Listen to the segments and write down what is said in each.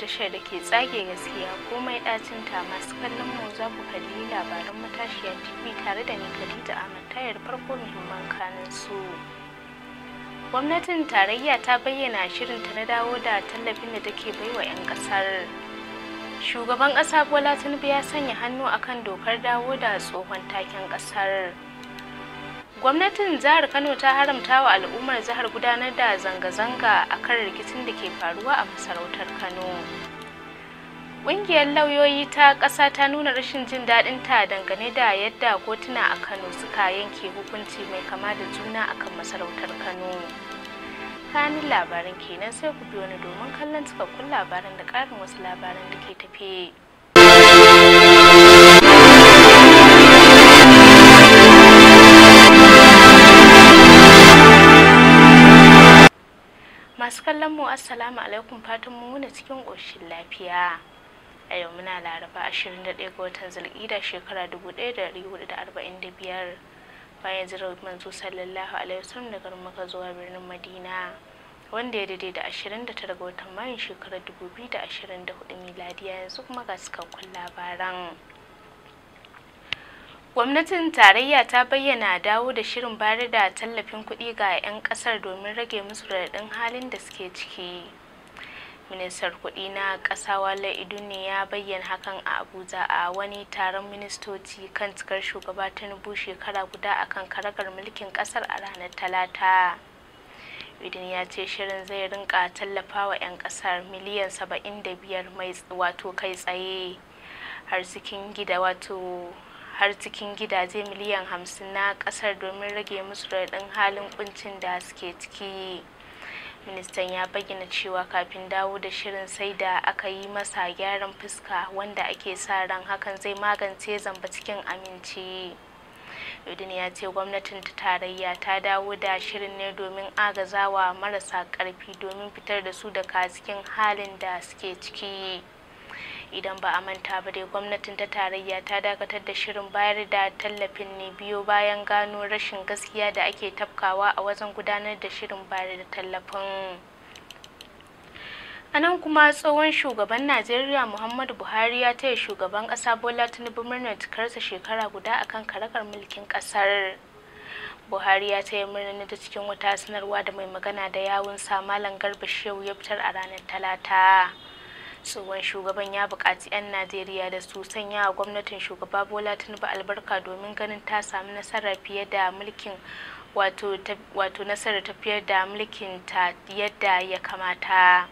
tashar da ke tsage gaskiya komai ɗacin ta masu kallon mu za ku kalli labaran matashiya TV tare da ni Khadija Ahmed tayar farko muhimman kanin su. Gwamnatin tarayya ta bayyana shirin ta na dawo da tallafin da take baiwa 'yan ƙasar. Shugaban ƙasa Bola Tinubu ya sanya hannu akan dokar dawo da tsohon taken ƙasar. gwamnatin jihar kano ta haramta wa al'ummar jihar gudanar da zanga-zanga a kan rikicin da ke faruwa a masarautar kano ƙungiyar lauyoyi ta ƙasa ta nuna rashin jin daɗin ta dangane da yadda kotuna a kano suka yanke hukunci mai kama da juna akan masarautar kano kanin labarin kenan sai ku biyo ni domin kallon cikakkun labarin da ƙarin wasu labaran da ke tafe. masu kallon mu assalamu alaikum fatan mu muna cikin ƙoshin lafiya a yau muna laraba 21 ga watan zulƙida shekara 1445 bayan jirar manzo sallallahu alaihi wasallam daga maka zuwa birnin madina wanda ya daidai da 29 ga watan mayun shekarar 2024 miladiya yanzu kuma ga cikakkun labaran Gwamnatin tarayya ta bayyana dawo da shirin bayar da tallafin kuɗi ga 'yan ƙasar domin rage musu raɗaɗin halin da suke ciki. Ministar kuɗi na ƙasa Wale Idune ya bayyana hakan a Abuja a wani taron ministoci kan cikar shugaba Tinubu shekara guda akan karagar mulkin ƙasar a ranar Talata. Idun ya ce shirin zai rinka tallafawa 'yan ƙasar miliyan saba'in 75 mai wato kai tsaye har cikin gida wato har cikin gidaje miliyan hamsin na kasar domin rage musu raɗin halin kuncin da suke ciki ministan ya bayyana cewa kafin dawo da shirin sai da aka yi masa gyaran fuska wanda ake sa ran hakan zai magance zamba cikin aminci yudin ya ce gwamnatin ta tarayya ta dawo da shirin ne domin agazawa marasa karfi domin fitar da su daga cikin halin da suke ciki idan ba a manta ba dai gwamnatin ta tarayya ta dakatar da shirin bayar da tallafin ne biyo bayan gano rashin gaskiya da ake tafkawa a wajen gudanar da shirin bayar da tallafin a nan kuma tsohon shugaban najeriya muhammadu buhari ya taya shugaban ƙasa bola tinubu murnar cikarsa shekara guda a akan karakar mulkin ƙasar buhari ya taya murnar ta cikin wata sanarwa da mai magana da yawun sa malam garba shehu ya fitar a ranar talata tsohon shugaban ya bukaci 'yan najeriya da su sanya wa gwamnatin shugaba bola tinubu albarka domin ganin ta samu nasara fiye da mulkin wato nasarar fiye da mulkin ta yadda ya kamata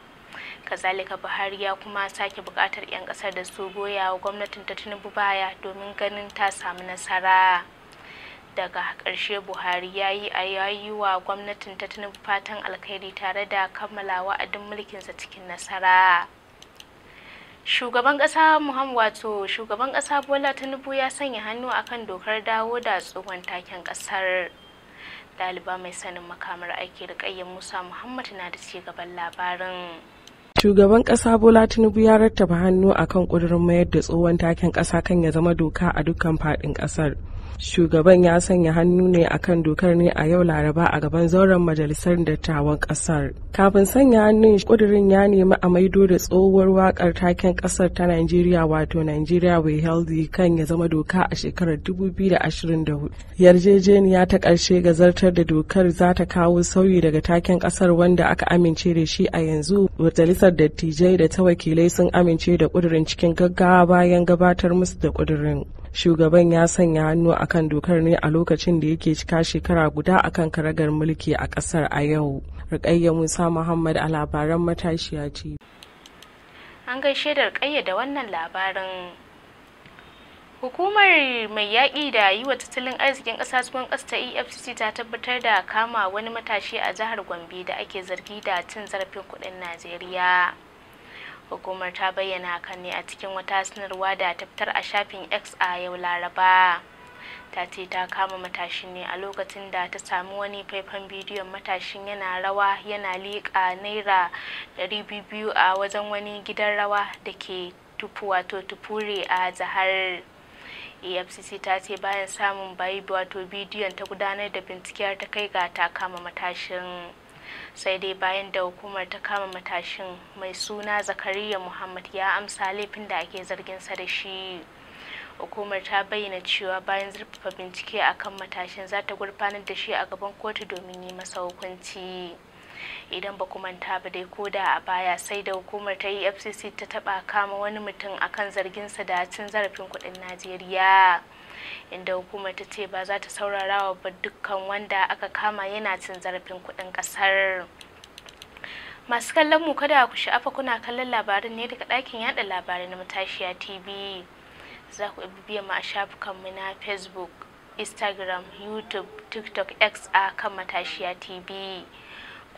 kazalika buhari ya kuma sake bukatar 'yan ƙasar da su goya wa gwamnatin ta tinubu baya domin ganin ta samu nasara daga ƙarshe buhari ya yi a yayi wa gwamnatin ta tinubu fatan alkhairi tare da kammala wa'adin mulkinsa cikin nasara shugaban kasa muhammad wato shugaban kasa bola tinubu ya sanya hannu akan dokar dawo da tsohon taken kasar ɗaliba mai sanin makamar aiki da musa muhammad na da cigaban labarin shugaban kasa bola tinubu ya rattaba hannu akan kudurin mayar da tsohon taken kasa kan ya zama doka a dukkan faɗin kasar shugaban ya sanya hannu ne akan dokar ne a yau laraba a gaban zauren majalisar dattawan kasar kafin sanya hannun kudirin ya nemi a maido da tsohuwar wakar taken kasar ta nigeria wato nigeria we healthy kan ya zama doka a shekarar 2024 yarjejeniya ta karshe ga zartar da dokar za ta kawo sauyi daga taken kasar wanda aka amince da shi a yanzu majalisar dattijai da ta wakilai sun amince da kudirin cikin gaggawa bayan gabatar musu da kudirin shugaban ya sanya hannu akan dokar ne a lokacin da yake cika shekara guda akan karagar mulki a kasar a yau rikayya musa muhammad a labaran matashiya ce an gaishe da rikayya da wannan labarin hukumar mai yaƙi da yi wa tattalin arzikin ƙasa tsohon ƙasa ta efcc ta tabbatar da kama wani matashi a jihar gombe da ake zargi da cin zarafin kuɗin najeriya hukumar ta bayyana hakan ne a cikin wata sanarwa da ta fitar a shafin x a yau laraba ta ce ta kama matashin ne a lokacin da ta sami wani faifan bidiyon matashin yana rawa yana liƙa naira 200 a wajen wani gidan rawa da ke tufu wato tufure a zahar efcc ta ce bayan samun bayi wato bidiyon ta gudanar da binciken ta kai ga ta kama matashin sai dai bayan da hukumar ta kama matashin mai suna zakariya muhammad ya amsa laifin da ake zargin sa da shi hukumar ta bayyana cewa bayan zurfafa bincike akan matashin za ta gurfanar da shi a gaban kotu domin yi masa hukunci idan ba manta ba dai ko da a baya sai da hukumar ta yi e fcc ta taba kama wani mutum akan zarginsa da cin zarafin kudin najeriya inda hukumar ta ce ba za ta saurarawa ba dukkan wanda aka kama yana cin zarafin kuɗin ƙasar masu kallon mu kada ku sha'afa kuna kallon labarin ne daga ɗakin yada labarai na matashiya tv za ku biya mu a mu na facebook instagram youtube tiktok x a kan matashiya tv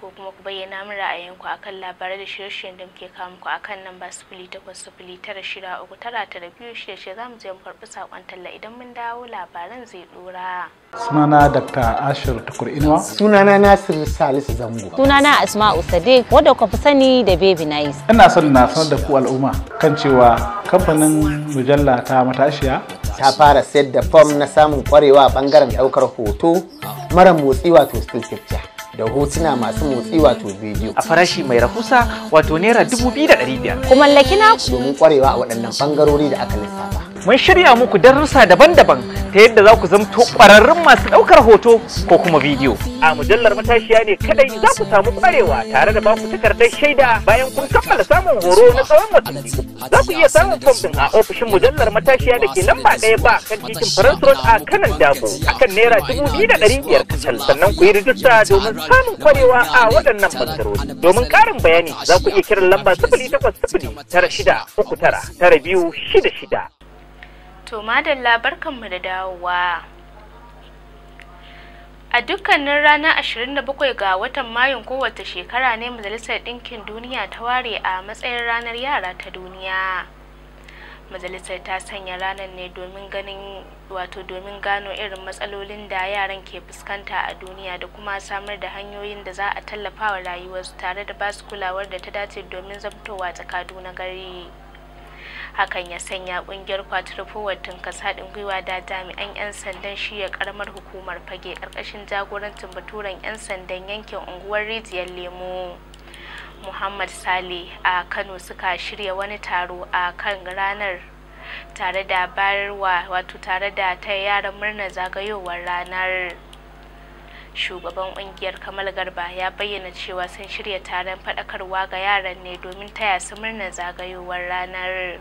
ko kuma ku bayyana min ra'ayinku akan labarai da shirye-shiryen da muke kawo muku akan nan ba sifili takwas sifili tara shida uku tara tara biyu shida shida za mu je mu karɓi saƙon talla idan mun dawo labaran zai ɗora. sunana dr ashir tukur inuwa sunana nasir salisu zango sunana asma'u sadiq wadda ku sani da baby nice ina son na sanar da ku al'umma kan cewa kamfanin mujalla ta matashiya ta fara sayar da fom na samun kwarewa a bangaren daukar hoto mara motsi wato still picture da hotuna masu motsi wato bidiyo a farashi mai rahusa wato naira dubu biyu da ɗari biyar. Ku mallaki naku domin kwarewa a waɗannan bangarori da aka lissafa. mun shirya muku darussa daban-daban ta yadda za ku zamto kwararrun masu ɗaukar hoto ko kuma bidiyo. A mujallar matashiya ne kadai za ku samu ƙwarewa tare da baku takardar shaida bayan kun kammala samun horo na tsawon watanni. Za ku iya samun fom ɗin a ofishin mujallar matashiya da ke lamba ɗaya ba kan titin Farans Road a kanan Dabo kan naira dubu biyu da ɗari biyar kacal sannan ku yi rijista domin samun ƙwarewa a waɗannan bangarori. Domin ƙarin bayani za ku iya kiran lamba sifili takwas sifili tara shida uku tara tara biyu shida shida. To madalla barkanmu da dawowa. A dukkanin ranar 27 ga watan Mayun kowace shekara ne Majalisar Ɗinkin Duniya ta ware a matsayin ranar yara ta duniya. Majalisar ta sanya ranar ne domin ganin wato domin gano irin matsalolin da yaran ke fuskanta a duniya da kuma samar da hanyoyin da za a tallafa wa rayuwarsu tare da basu kulawar da ta dace domin zamtowa tsakadu na gari. hakan ya sanya kungiyar kwatar forward kasa haɗin gwiwa da jami'an 'yan sandan shiya karamar hukumar fage ƙarƙashin jagorancin baturen 'yan sandan yankin unguwar rijiyar lemu muhammad sale a kano suka shirya wani taro a kan ranar tare da bayarwa wato tare da ta yaran murna zagayowar ranar shugaban kungiyar kamal garba ya bayyana cewa sun shirya taron faɗakarwa ga yaran ne domin taya su murnar zagayowar ranar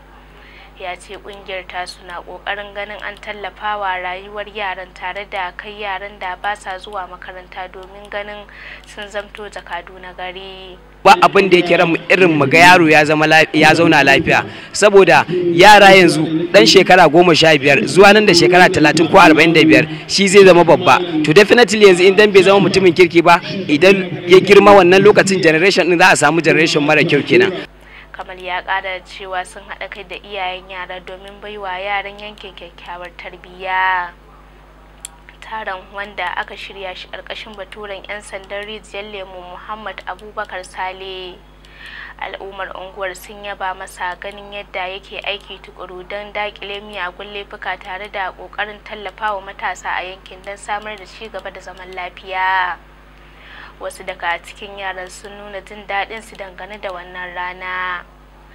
ya ce kungiyar ta suna kokarin ganin an tallafawa rayuwar yaran tare da kai yaran da ba sa zuwa makaranta domin ganin sun zamto jakadu na gari ba abin da yake ramu irin mu ga yaro ya zama ya zauna lafiya saboda yara yanzu dan shekara goma sha biyar zuwa nan da shekara talatin ko arba'in da biyar shi zai zama babba to definitely yanzu idan bai zama mutumin kirki ba idan ya girma wannan lokacin generation din za a samu generation mara kyau kenan kamal ya ƙara cewa sun haɗa kai da iyayen yara domin baiwa yaran yankin kyakkyawar tarbiyya taron wanda aka shirya shi ƙarƙashin baturen 'yan sandan rijiyar lemu muhammad abubakar sale al'ummar unguwar sun yaba masa ganin yadda yake aiki tukuru don dakile miyagun laifuka tare da ƙoƙarin tallafawa matasa a yankin don samar da ci da zaman lafiya wasu daga cikin yaran sun nuna jin daɗin su dangane da wannan rana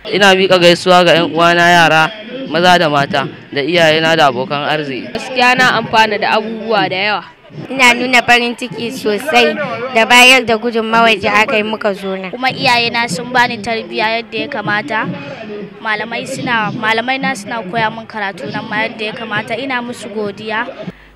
ina miƙa gaisuwa ga 'yan uwana yara maza da mata da iyayena da abokan arziki gaskiya na amfana da abubuwa da yawa ina nuna farin ciki sosai da bayar da gudunmawar da aka yi muka zo na kuma iyayena sun bani tarbiyya yadda ya kamata malamai na suna koya min karatu nan ma yadda ya kamata ina musu godiya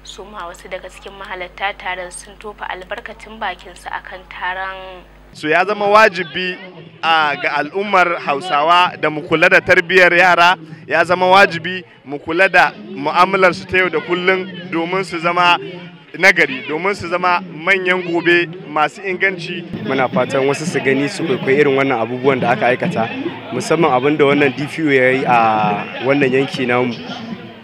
su ma wasu daga cikin mahalarta taron sun tofa albarkacin bakinsu akan taron su ya zama wajibi a ga al'ummar hausawa da mu kula da tarbiyyar yara ya zama wajibi mu kula da mu'amalar su ta yau da kullum domin su zama nagari domin su zama manyan gobe masu inganci muna fatan wasu su gani su kwaikwayi irin wannan abubuwan da aka aikata musamman abin da wannan dpo ya yi a wannan yanki namu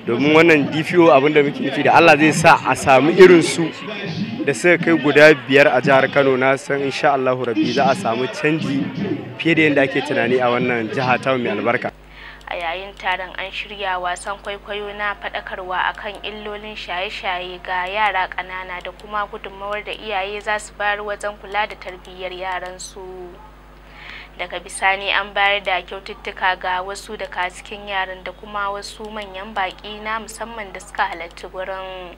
domin wannan dpo abinda muke nufi da allah zai sa a samu irin su da suka kai guda biyar a jihar kano na san insha allahu rabbi za a samu canji fiye da yadda ake tunani a wannan jiha ta mai albarka a yayin taron an shirya wasan kwaikwayo na faɗakarwa kan illolin shaye-shaye ga yara ƙanana da kuma gudunmawar da iyaye za su bayar wajen kula da tarbiyyar yaransu. daga bisani an bayar da kyaututtuka ga wasu daga cikin yaran da kuma wasu manyan baƙi na musamman da suka halarci gurin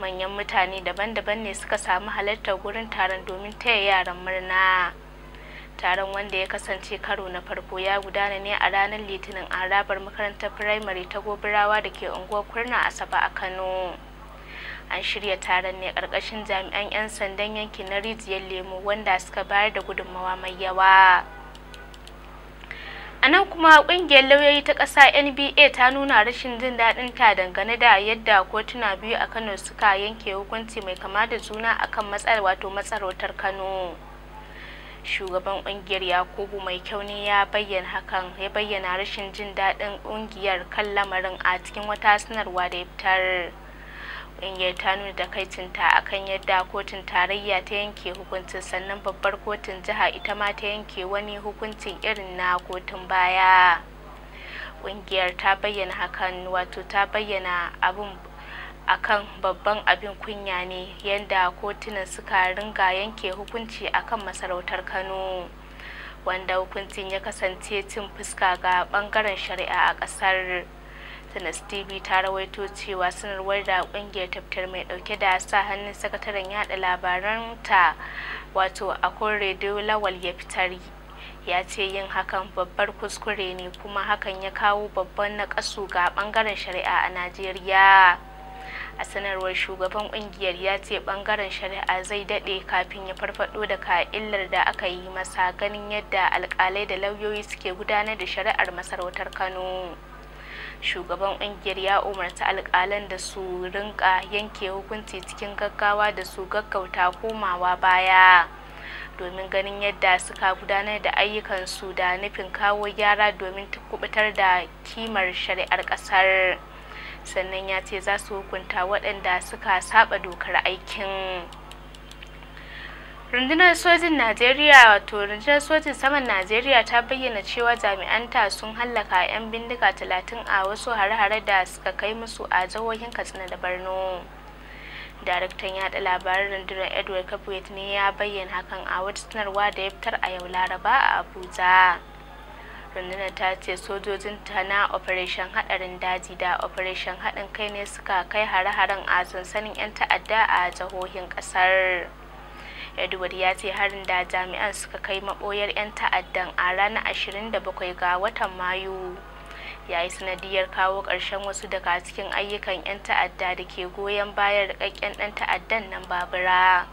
manyan mutane daban-daban ne suka samu halartar wurin taron domin taya yaran murna taron wanda ya kasance karo na farko ya gudana ne a ranar litinin a harabar makarantar firamare ta gobirawa da ke unguwar kurna asaba a kano an shirya taron ne ƙarƙashin jami'an 'yan sandan yankin na rijiyar lemo wanda suka bayar da gudunmawa mai yawa a nan kuma kungiyar lauyoyi ta ƙasa nba ta nuna rashin jin daɗin ta dangane da yadda kotuna biyu a kano suka yanke hukunci mai kama da juna akan matsar wato matsarautar kano shugaban kungiyar yakubu mai kyau ne ya bayyana hakan ya bayyana rashin jin daɗin kungiyar kan lamarin a cikin wata sanarwa da ya fitar ƙungiyar ta nuna takaicinta a kan yadda kotun tarayya ta yanke hukuncin sannan babbar kotun jiha ita ma ta yanke wani hukuncin irin na kotun baya ƙungiyar ta bayyana hakan wato ta bayyana abin akan babban abin kunya ne yadda kotunan suka ringa yanke hukunci akan masarautar kano wanda hukuncin ya kasance cin fuska ga ɓangaren shari'a a ƙasar tennis TV ta rawaito cewa sanarwar da kungiyar tafitar mai dauke da sa hannun sakataren yada labaran ta wato a rediyo lawal ya fitar ya ce yin hakan babbar kuskure ne kuma hakan ya kawo babban kasu ga bangaren shari'a a Najeriya. a sanarwar shugaban kungiyar ya ce bangaren shari'a zai dade kafin ya farfado da ka'illar da aka yi masa ganin yadda alkalai da lauyoyi suke gudanar da shari'ar masarautar kano shugaban ƙungiyar ya umarta alƙalan da su rinka yanke hukunci cikin gaggawa da su gaggauta komawa baya domin ganin yadda suka gudanar da ayyukan su da nufin kawo gyara domin kubutar da kimar shari'ar ƙasar sannan ya ce za su hukunta waɗanda suka saba dokar aikin rundunar sojin najeriya wato rundunar sojin saman najeriya ta bayyana cewa jami'anta sun hallaka 'yan bindiga 30 a wasu hare-hare da suka kai musu a jihohin katsina da borno daraktan yada labaran rundunar edward kabwet ne ya bayyana hakan a wata sanarwa da ya fitar a yau laraba a abuja rundunar ta ce sojojin ta na operation hadarin daji da operation hadin kai ne suka kai hare-haren a sansanin 'yan ta'adda a jihohin kasar. edward ya ce harin da jami'an suka kai maboyar 'yan ta'addan a ranar 27 ga watan mayu ya yi sanadiyar kawo ƙarshen wasu daga cikin ayyukan 'yan ta'adda da ke goyon bayan rikakken ɗan ta'addan nan babura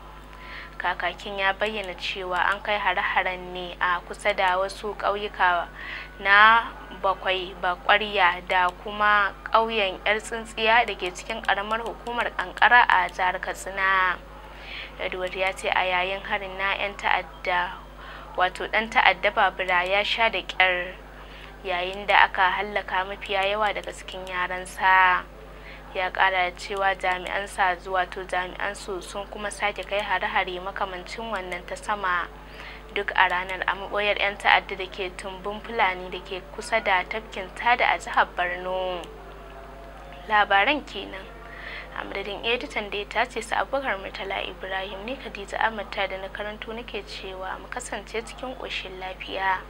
kakakin ya bayyana cewa an kai hare-haren ne a kusa da wasu ƙauyuka na bakwai bakwarya da kuma ƙauyen 'yar tsintsiya da ke cikin ƙaramar hukumar kankara a jihar katsina Edward ya ce a yayin harin na 'yan ta'adda wato ɗan ta'adda babura ya sha da ƙyar yayin da aka hallaka mafiya yawa daga cikin yaransa ya ƙara cewa jami'an sa zuwa to jami'an su sun kuma sake kai hare-hare makamancin wannan ta sama duk a ranar a maboyar 'yan ta'adda da ke tumbin fulani da ke kusa da tafkin tada a jihar borno labaran kenan a editan da ya tace su abubakar murtala ibrahim ne khadija amurta da na karanto nake cewa mu kasance cikin ƙoshin lafiya